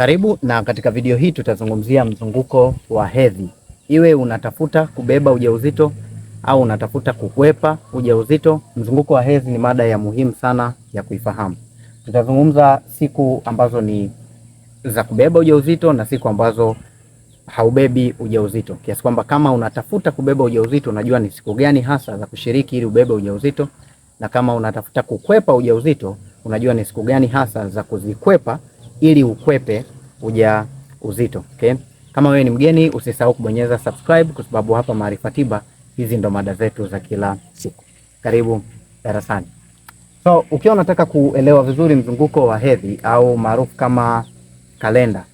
Karibu na katika video hii tutazungumzia mzunguko wa hedhi. Iwe unatafuta kubeba ujauzito au unatafuta kukwepa ujauzito, mzunguko wa hedhi ni mada ya muhimu sana ya kuifahamu. Tutazungumza siku ambazo ni za kubeba ujauzito na siku ambazo haubebi ujauzito, kiasi kwamba kama unatafuta kubeba ujauzito unajua ni siku gani hasa za kushiriki ili ubebe ujauzito, na kama unatafuta kukwepa ujauzito unajua ni siku gani hasa za kuzikwepa ili ukwepe uja uzito okay? Kama wewe ni mgeni usisahau kubonyeza subscribe, kwa sababu hapa Maarifa Tiba hizi ndo mada zetu za kila siku. Karibu darasani. So ukiwa unataka kuelewa vizuri mzunguko wa hedhi au maarufu kama kalenda,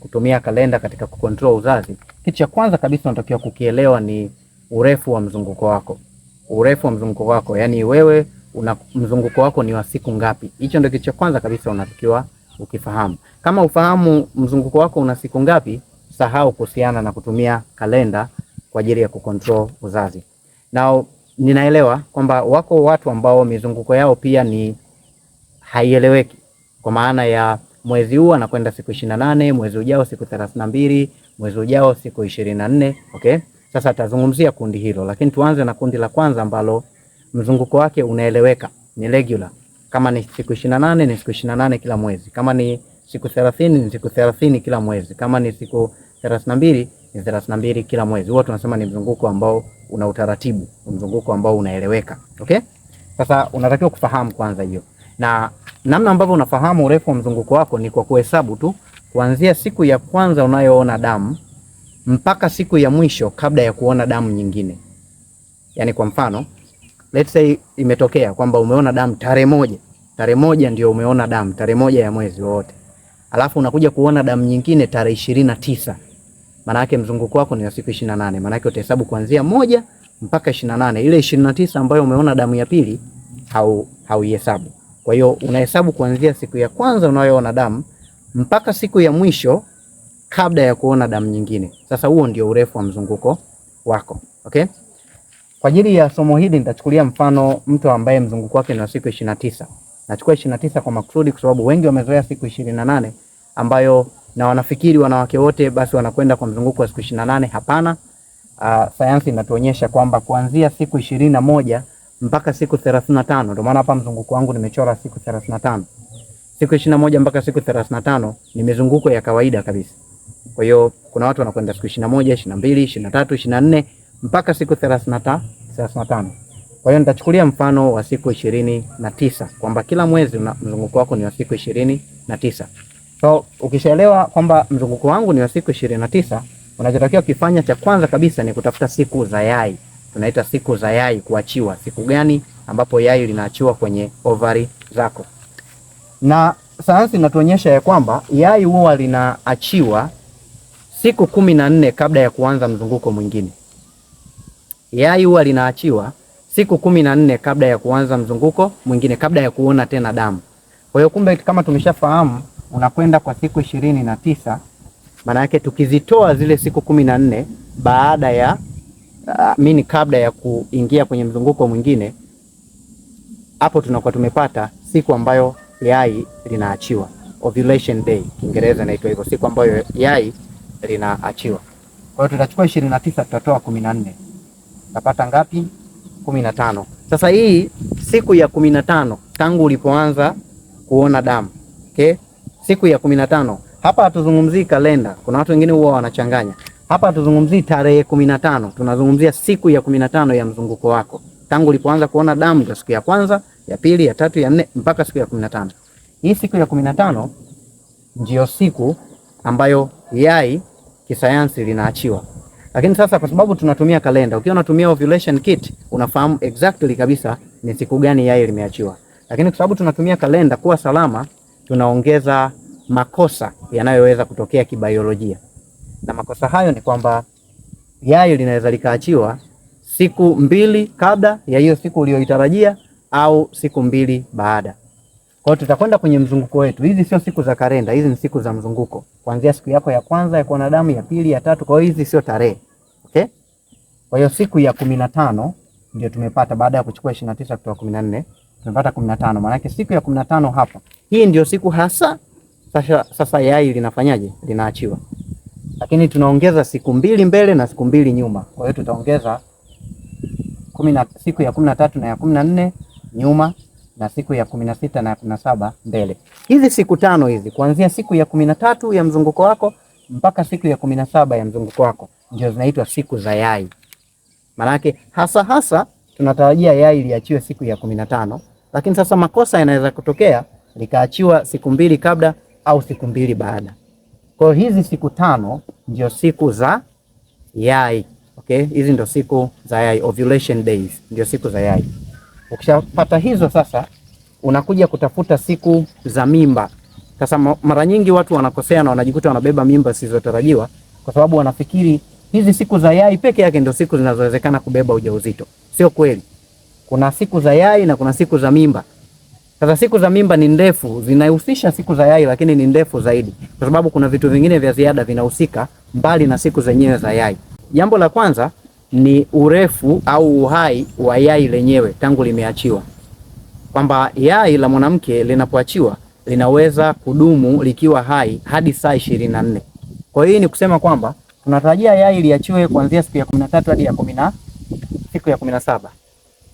kutumia kalenda katika kukontrol uzazi, kitu cha kwanza kabisa unatakiwa kukielewa ni urefu wa mzunguko wako. Urefu wa mzunguko wako, yani wewe una mzunguko wako ni wa siku ngapi? Hicho ndio kitu cha kwanza kabisa unatakiwa ukifahamu. Kama ufahamu mzunguko wako una siku ngapi, sahau kuhusiana na kutumia kalenda kwa ajili ya kucontrol uzazi. Na ninaelewa kwamba wako watu ambao mizunguko yao pia ni haieleweki, kwa maana ya mwezi huu anakwenda siku ishirini na nane, mwezi ujao siku thelathini na mbili, mwezi ujao siku ishirini na nne. Okay, sasa atazungumzia kundi hilo, lakini tuanze na kundi la kwanza ambalo mzunguko wake unaeleweka, ni regular. Kama ni siku ishirini na nane ni siku ishirini na nane kila mwezi. Kama ni siku thelathini ni siku thelathini kila mwezi. Kama ni siku thelathini na mbili ni thelathini na mbili kila mwezi. Huwa tunasema ni mzunguko ambao una utaratibu, mzunguko ambao unaeleweka. Okay, sasa unatakiwa kufahamu kwanza hiyo, na namna ambavyo unafahamu urefu wa mzunguko wako ni kwa kuhesabu tu kuanzia siku ya kwanza unayoona damu mpaka siku ya mwisho kabla ya kuona damu nyingine. Yaani kwa mfano let's say imetokea kwamba umeona damu tarehe moja, tarehe moja ndio umeona damu tarehe moja ya mwezi wote, alafu unakuja kuona damu nyingine tarehe ishirini na tisa maana yake mzunguko wako ni wa siku 28. Maana yake utahesabu kuanzia moja mpaka nane Ile tisa ambayo umeona damu ya pili hau hauihesabu. Kwa hiyo unahesabu kuanzia siku ya kwanza unayoona damu mpaka siku ya mwisho kabla ya kuona damu nyingine. Sasa huo ndio urefu wa mzunguko wako. Okay? Kwa ajili ya somo hili nitachukulia mfano mtu ambaye mzunguko wake ni wa siku 29. Nachukua 29 kwa makusudi kwa sababu wengi wamezoea siku 28 ambayo na wanafikiri wanawake wote basi wanakwenda kwa mzunguko wa siku 28. Hapana. Uh, sayansi inatuonyesha kwamba kuanzia siku 21 mpaka siku 35. ndio maana hapa mzunguko wangu nimechora siku 35. siku 21 mpaka siku 35 ni mizunguko ya kawaida kabisa. Kwa hiyo kuna watu wanakwenda siku 21, 22, 23, 24 mpaka siku 35 35. Kwa hiyo nitachukulia mfano wa siku ishirini na tisa kwamba kila mwezi mzunguko wako ni wa siku ishirini na tisa. So ukishaelewa kwamba mzunguko wangu ni wa siku ishirini na tisa, unachotakiwa kifanya cha kwanza kabisa ni kutafuta siku za yai, tunaita siku za yai kuachiwa. Siku gani ambapo yai linaachiwa kwenye ovari zako? Na sayansi inatuonyesha ya kwamba yai huwa linaachiwa siku kumi na nne kabla ya kuanza mzunguko mwingine yai huwa linaachiwa siku kumi na nne kabla ya kuanza mzunguko mwingine, kabla ya kuona tena damu. Kwa hiyo kumbe, kama tumeshafahamu, unakwenda kwa siku ishirini na tisa maana yake tukizitoa zile siku kumi na nne baada ya uh, ah, mini kabla ya kuingia kwenye mzunguko mwingine, hapo tunakuwa tumepata siku ambayo yai linaachiwa, ovulation day Kiingereza inaitwa hivyo, siku ambayo yai linaachiwa. Kwa hiyo tutachukua ishirini na tisa tutatoa kumi na nne. Kapata ngapi? kumi na tano. Sasa hii siku ya kumi na tano tangu ulipoanza kuona damu okay? siku ya kumi na tano hapa hatuzungumzii kalenda. Kuna watu wengine huwa wanachanganya hapa, hatuzungumzii tarehe kumi na tano tunazungumzia siku ya kumi na tano ya mzunguko wako tangu ulipoanza kuona damu, ndio siku ya kwanza, ya pili, ya tatu, ya nne mpaka siku ya kumi na tano. Hii siku ya kumi na tano ndiyo siku ambayo yai kisayansi linaachiwa. Lakini sasa kwa sababu tunatumia kalenda, ukiwa unatumia ovulation kit unafahamu exactly kabisa ni siku gani yai limeachiwa. Lakini kwa sababu tunatumia kalenda kuwa salama, tunaongeza makosa yanayoweza kutokea kibiolojia. Na makosa hayo ni kwamba yai linaweza likaachiwa siku mbili kabla ya hiyo siku uliyoitarajia au siku mbili baada. Kwa hiyo tutakwenda kwenye mzunguko wetu. Hizi sio siku za kalenda, hizi ni siku za mzunguko. Kuanzia siku yako ya kwanza ya kuona damu, ya pili, ya tatu, kwa hiyo hizi sio tarehe. Okay? Kwa hiyo siku ya 15 ndio tumepata baada ya kuchukua 29 kutoka 14, tumepata 15. Maana yake siku ya 15 hapa. Hii ndio siku hasa sasa, sasa yai linafanyaje? Linaachiwa. Lakini tunaongeza siku mbili mbele na siku mbili nyuma. Kwa hiyo tutaongeza 10 siku ya 13 na ya 14 nyuma na siku ya kumi na sita na kumi na saba mbele. Hizi siku tano hizi kuanzia siku ya kumi na tatu ya mzunguko wako mpaka siku ya kumi na saba ya mzunguko wako ndio zinaitwa siku za yai. Maanake hasa hasa tunatarajia yai liachiwe siku ya kumi na tano lakini sasa makosa yanaweza kutokea likaachiwa siku mbili kabla au siku mbili baada. Kwa hiyo hizi siku tano ndio siku za yai. Okay, hizi ndio siku za yai, ovulation days ndio siku za yai. Ukishapata hizo sasa, unakuja kutafuta siku za mimba. Sasa mara nyingi watu wanakosea na wanajikuta wanabeba mimba zisizotarajiwa kwa sababu wanafikiri hizi siku za yai peke yake ndio siku zinazowezekana kubeba ujauzito. Sio kweli, kuna siku za yai na kuna siku za mimba. Sasa siku za mimba ni ndefu, zinahusisha siku za yai, lakini ni ndefu zaidi, kwa sababu kuna vitu vingine vya ziada vinahusika mbali na siku zenyewe za yai. Jambo la kwanza ni urefu au uhai wa yai lenyewe tangu limeachiwa, kwamba yai la mwanamke linapoachiwa linaweza kudumu likiwa hai hadi saa ishirini na nne. Kwa hiyo ni kusema kwamba tunatarajia yai liachiwe kuanzia siku ya kumi na tatu hadi ya kumi na siku ya kumi na saba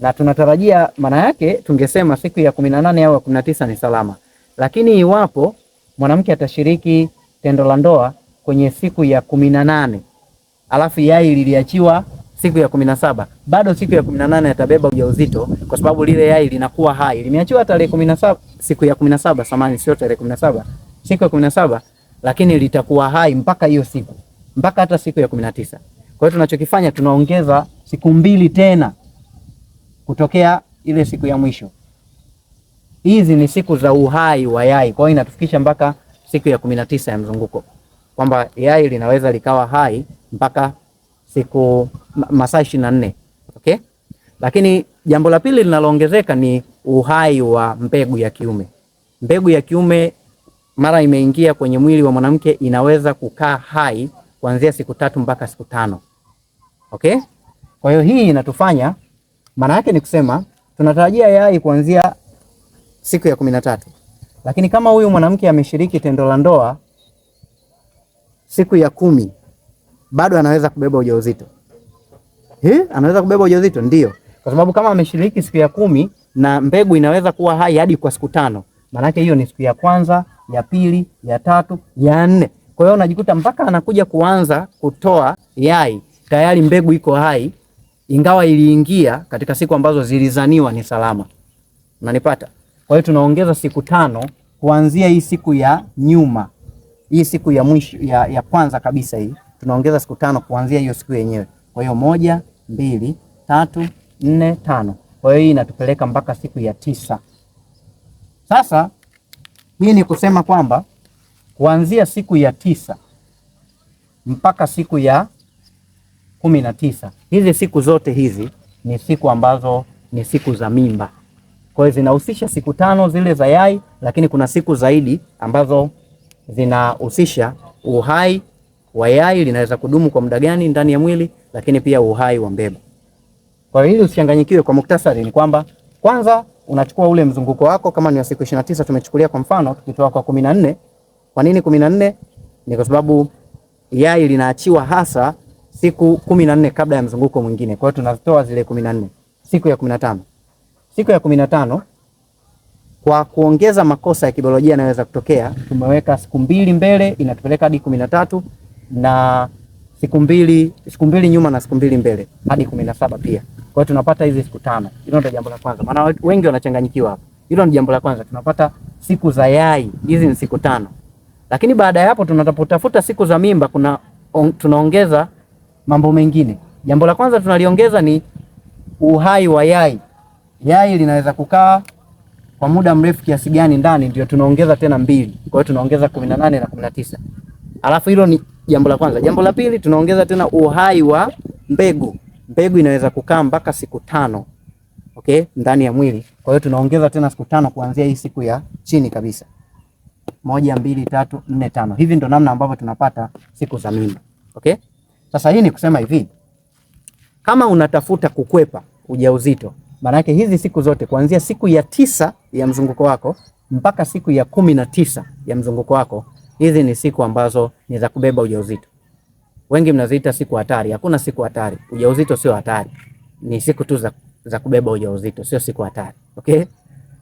na tunatarajia, maana yake tungesema siku ya kumi na nane au ya kumi na tisa ni salama, lakini iwapo mwanamke atashiriki tendo la ndoa kwenye siku ya kumi na nane alafu yai liliachiwa siku ya kumi na saba bado siku ya kumi na nane atabeba ujauzito kwa sababu lile yai linakuwa hai, limeachiwa tarehe kumi na saba siku ya kumi na saba samani, sio tarehe kumi na saba siku ya kumi na saba lakini litakuwa hai mpaka hiyo siku, mpaka hata siku ya kumi na tisa. Kwa hiyo tunachokifanya tunaongeza siku mbili tena kutokea ile siku ya mwisho. Hizi ni siku za uhai wa yai, kwa hiyo inatufikisha mpaka siku ya kumi na tisa ya mzunguko, kwamba yai linaweza likawa hai mpaka siku masaa ishirini na nne okay? Lakini jambo la pili linaloongezeka ni uhai wa mbegu ya kiume. Mbegu ya kiume mara imeingia kwenye mwili wa mwanamke inaweza kukaa hai kuanzia siku tatu mpaka siku tano okay? Kwa hiyo hii inatufanya maana yake ni kusema tunatarajia yai kuanzia siku ya kumi na tatu, lakini kama huyu mwanamke ameshiriki tendo la ndoa siku ya kumi bado anaweza kubeba ujauzito. He? anaweza kubeba ujauzito ndio, kwa sababu kama ameshiriki siku ya kumi na mbegu inaweza kuwa hai hadi kwa siku tano, maanake hiyo ni siku ya kwanza, ya pili, ya tatu, ya nne. Kwa hiyo unajikuta mpaka anakuja kuanza kutoa yai tayari mbegu iko hai, ingawa iliingia katika siku ambazo zilizaniwa ni salama. Unanipata? Kwa hiyo tunaongeza siku tano kuanzia hii siku ya nyuma, hii siku ya mwisho ya, ya kwanza kabisa hii tunaongeza siku tano kuanzia hiyo siku yenyewe. Kwa hiyo moja, mbili, tatu, nne, tano. Kwa hiyo hii inatupeleka mpaka siku ya tisa. Sasa hii ni kusema kwamba kuanzia siku ya tisa mpaka siku ya kumi na tisa hizi siku zote hizi ni siku ambazo ni siku za mimba. Kwa hiyo zinahusisha siku tano zile za yai, lakini kuna siku zaidi ambazo zinahusisha uhai wa yai linaweza kudumu kwa muda gani ndani ya mwili, lakini pia uhai wa mbegu. Kwa hiyo usichanganyikiwe. Kwa muktasari ni kwamba kwanza unachukua ule mzunguko wako kama ni wa siku 29 tumechukulia kwa mfano, tukitoa kwa 14. Kwa nini 14? Ni kwa sababu yai linaachiwa hasa siku 14 kabla ya mzunguko mwingine. Kwa hiyo tunatoa zile 14 siku ya 15. Siku ya 15 kwa kuongeza makosa ya kibiolojia yanayoweza kutokea, tumeweka siku mbili mbele, inatupeleka hadi 13 na siku mbili siku mbili nyuma na siku mbili mbele hadi kumi na saba pia. Kwa hiyo tunapata hizi siku tano. Hilo ndio jambo la kwanza, maana wengi wanachanganyikiwa hapa. Hilo ni jambo la kwanza, tunapata siku za yai hizi ni siku tano, lakini baada ya hapo tunatafuta siku za mimba, kuna on, tunaongeza mambo mengine. Jambo la kwanza tunaliongeza ni uhai wa yai. Yai linaweza kukaa kwa muda mrefu kiasi gani ndani, ndio tunaongeza tena mbili. Kwa hiyo tunaongeza 18 na 19. Alafu hilo ni jambo la kwanza. Jambo la pili, tunaongeza tena uhai wa mbegu. Mbegu inaweza kukaa mpaka siku tano okay, ndani ya mwili. Kwa hiyo tunaongeza tena siku tano kuanzia hii siku ya chini kabisa, moja, mbili, tatu, nne, tano. Hivi ndo namna ambavyo tunapata siku za mimba okay. Sasa hii ni kusema hivi, kama unatafuta kukwepa ujauzito, maana yake hizi siku zote kuanzia siku ya tisa ya mzunguko wako mpaka siku ya kumi na tisa ya mzunguko wako hizi ni siku ambazo ni za kubeba ujauzito. Wengi mnaziita siku hatari. Hakuna siku hatari, ujauzito sio hatari, ni siku tu za, za kubeba ujauzito, sio siku hatari. Okay,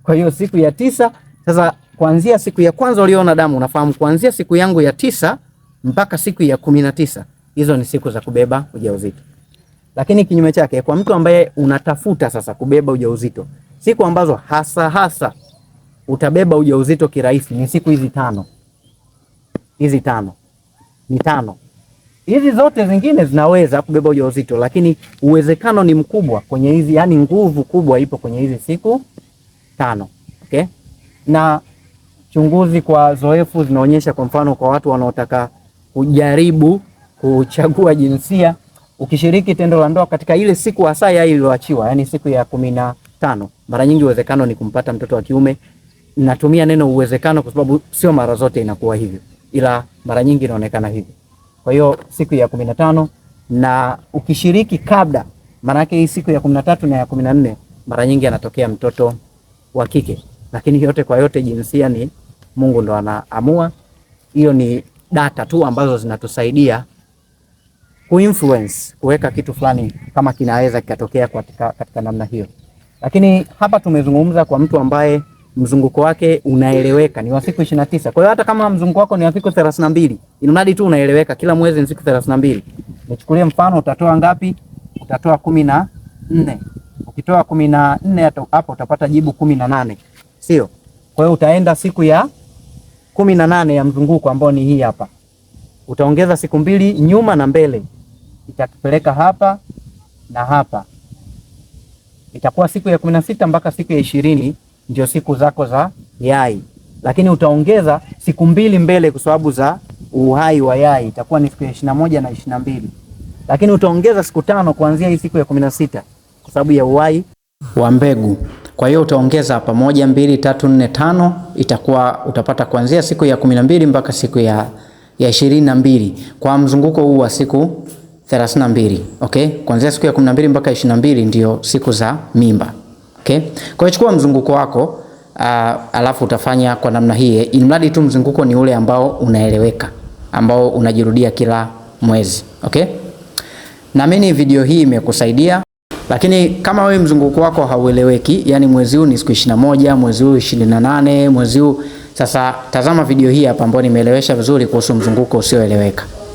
kwa hiyo siku ya tisa sasa, kuanzia siku ya kwanza uliona damu, unafahamu kuanzia siku yangu ya tisa mpaka siku ya kumi na tisa hizo ni siku za kubeba ujauzito. Lakini kinyume chake, kwa mtu ambaye unatafuta sasa kubeba ujauzito, siku ambazo hasa hasa utabeba ujauzito kirahisi ni siku hizi tano hizi tano ni tano. Hizi zote zingine zinaweza kubeba ujauzito, lakini uwezekano ni mkubwa kwenye hizi, yani nguvu kubwa ipo kwenye hizi siku tano. Okay? Na chunguzi kwa zoefu zinaonyesha, kwa mfano, kwa watu wanaotaka kujaribu kuchagua jinsia, ukishiriki tendo la ndoa katika ile siku hasa ya iliyoachiwa, yani siku ya kumi na tano, mara nyingi uwezekano ni kumpata mtoto wa kiume. Natumia neno uwezekano kwa sababu sio mara zote inakuwa hivyo ila mara nyingi inaonekana hivi. Kwa hiyo siku ya kumi na tano na ukishiriki kabla, maana yake hii siku ya kumi na tatu na ya kumi na nne mara nyingi anatokea mtoto wa kike, lakini yote kwa yote jinsia ni Mungu ndo anaamua. Hiyo ni data tu ambazo zinatusaidia kuinfluence kuweka kitu fulani kama kinaweza kikatokea katika, katika namna hiyo, lakini hapa tumezungumza kwa mtu ambaye mzunguko wake unaeleweka, ni wa siku 29. Kwa hiyo hata kama mzunguko wako ni wa siku 32, inunadi tu unaeleweka, kila mwezi ni siku 32. Nichukulie mfano, utatoa ngapi? Utatoa 14. Ukitoa 14 hapo utapata jibu 18, sio? Kwa hiyo utaenda siku ya 18 ya mzunguko ambao ni hii hapa, utaongeza siku mbili nyuma na mbele, itakupeleka hapa na hapa, itakuwa siku ya 16 mpaka siku ya ishirini ndio siku zako za yai, lakini utaongeza siku mbili mbele kwa sababu za uhai wa yai, itakuwa ni siku ya ishirini na moja na ishirini na mbili lakini utaongeza siku tano kuanzia hii siku ya kumi na sita kwa sababu ya uhai wa mbegu. Kwa hiyo utaongeza hapa moja, mbili, tatu, nne, tano, itakuwa utapata kuanzia siku ya kumi na mbili mpaka siku ya ya ishirini na mbili kwa mzunguko huu wa siku thelathini na mbili. Okay, kuanzia siku ya kumi na mbili mpaka ishirini na mbili ndio siku za mimba. Okay? Kwa hiyo chukua mzunguko wako uh, alafu utafanya kwa namna hii, ili mradi tu mzunguko ni ule ambao unaeleweka, ambao unajirudia kila mwezi. Okay? Naamini video hii imekusaidia. Lakini kama wewe mzunguko wako haueleweki, yani mwezi huu ni siku 21, mwezi huu 28, mwezi huu sasa, tazama video hii hapa ambayo nimeelewesha vizuri kuhusu mzunguko usioeleweka.